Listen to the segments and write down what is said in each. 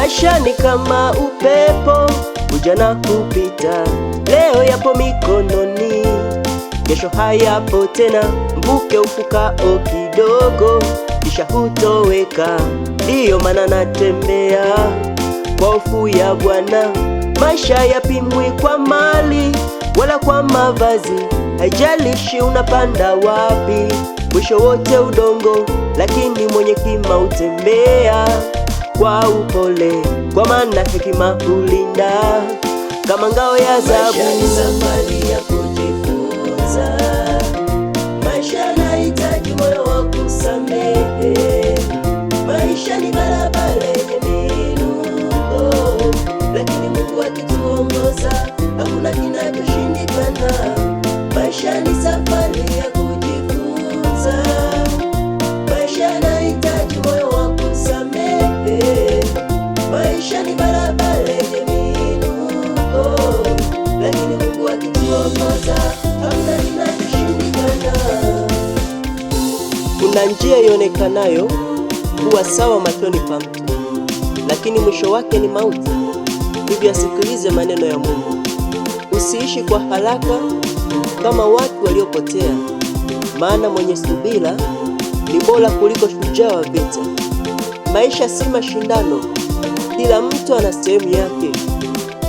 Maisha ni kama upepo huja na kupita, leo yapo mikononi, kesho hayapo tena. Mvuke ufukao kidogo, kisha hutoweka. Ndiyo maana natembea kwa hofu ya Bwana. Maisha yapimwi kwa mali wala kwa mavazi, haijalishi unapanda wapi, mwisho wote udongo, lakini mwenye kima utembea kwa upole, kwa maana hekima hulinda kama ngao ya zabu. Maisha ni safari ya kujifunza. Kuna njia ionekanayo kuwa sawa machoni pa mtu, lakini mwisho wake ni mauti. Hivyo asikilize maneno ya Mungu. Usiishi kwa haraka kama watu waliopotea, maana mwenye subira ni bora kuliko shujaa wa vita. Maisha si mashindano, kila mtu ana sehemu yake.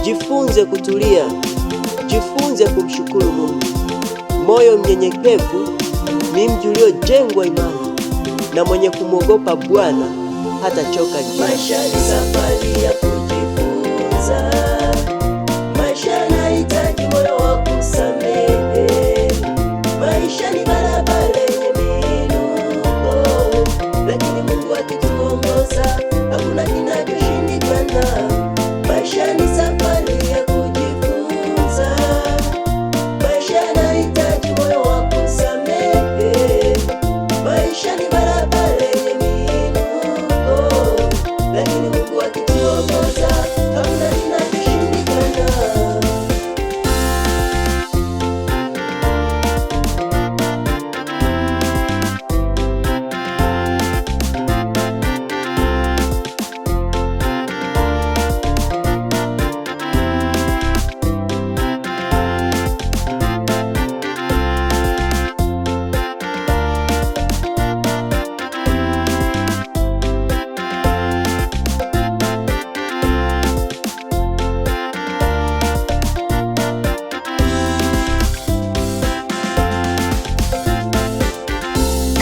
Jifunze kutulia, jifunze kumshukuru Mungu. Moyo mnyenyekevu ni mji uliojengwa imani na mwenye kumwogopa Bwana hata njiani. Maisha ni safari ya kujifunza.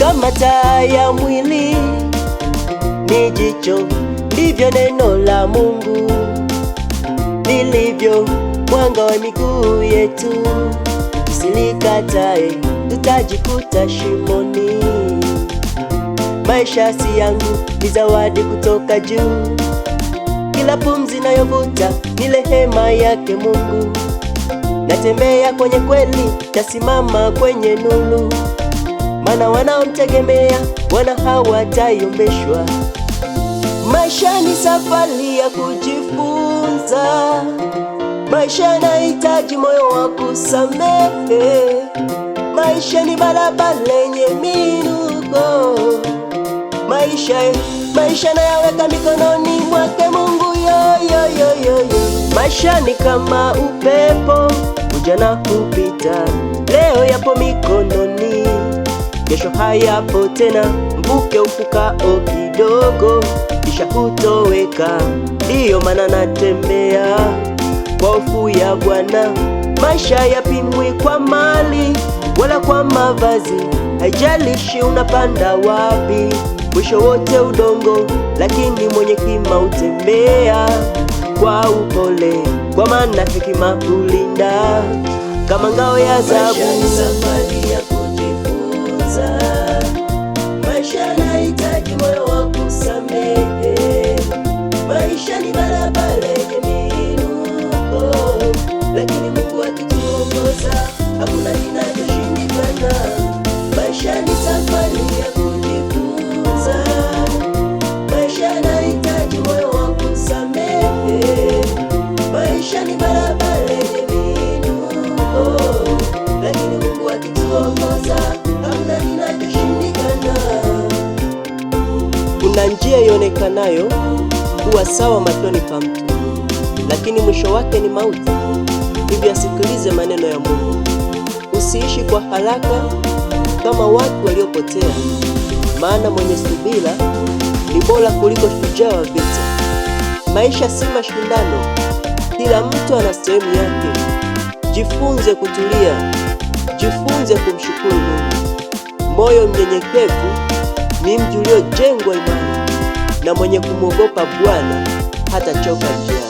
kama taa ya mwili, ni jicho, ndivyo neno la Mungu lilivyo mwanga wa miguu yetu. Silikatae, tutajikuta shimoni. Maisha si yangu, ni zawadi kutoka juu. Kila pumzi nayovuta ni rehema yake Mungu. Natembea kwenye kweli, tasimama kwenye nuru maana wanaomtegemea wana hawatayombeshwa. Maisha ni safari ya kujifunza, maisha yanahitaji moyo wa kusamehe, maisha ni barabara lenye minuko, maisha maisha nayaweka mikononi mwake Mungu. yo. maisha ni kama upepo, kuja na kupita, leo yapo mikononi kesho hayapo tena, mvuke ufukao kidogo kisha kutoweka. Ndiyo maana natembea kwa hofu ya Bwana. Maisha yapimwi kwa mali wala kwa mavazi, haijalishi unapanda wapi, mwisho wote udongo. Lakini mwenye hekima utembea kwa upole, kwa maana hekima kama ngao ya zabu. sun. Ina njia ionekanayo kuwa sawa machoni pa mtu, lakini mwisho wake ni mauti. Hivyo asikilize maneno ya Mungu. Usiishi kwa haraka kama watu waliopotea, maana mwenye subira ni bora kuliko shujaa wa vita. Maisha si mashindano, kila mtu ana sehemu yake. Jifunze kutulia, jifunze kumshukuru Mungu, moyo mnyenyekevu ni mji uliojengwa imani, na mwenye kumwogopa Bwana hatachoka njiani.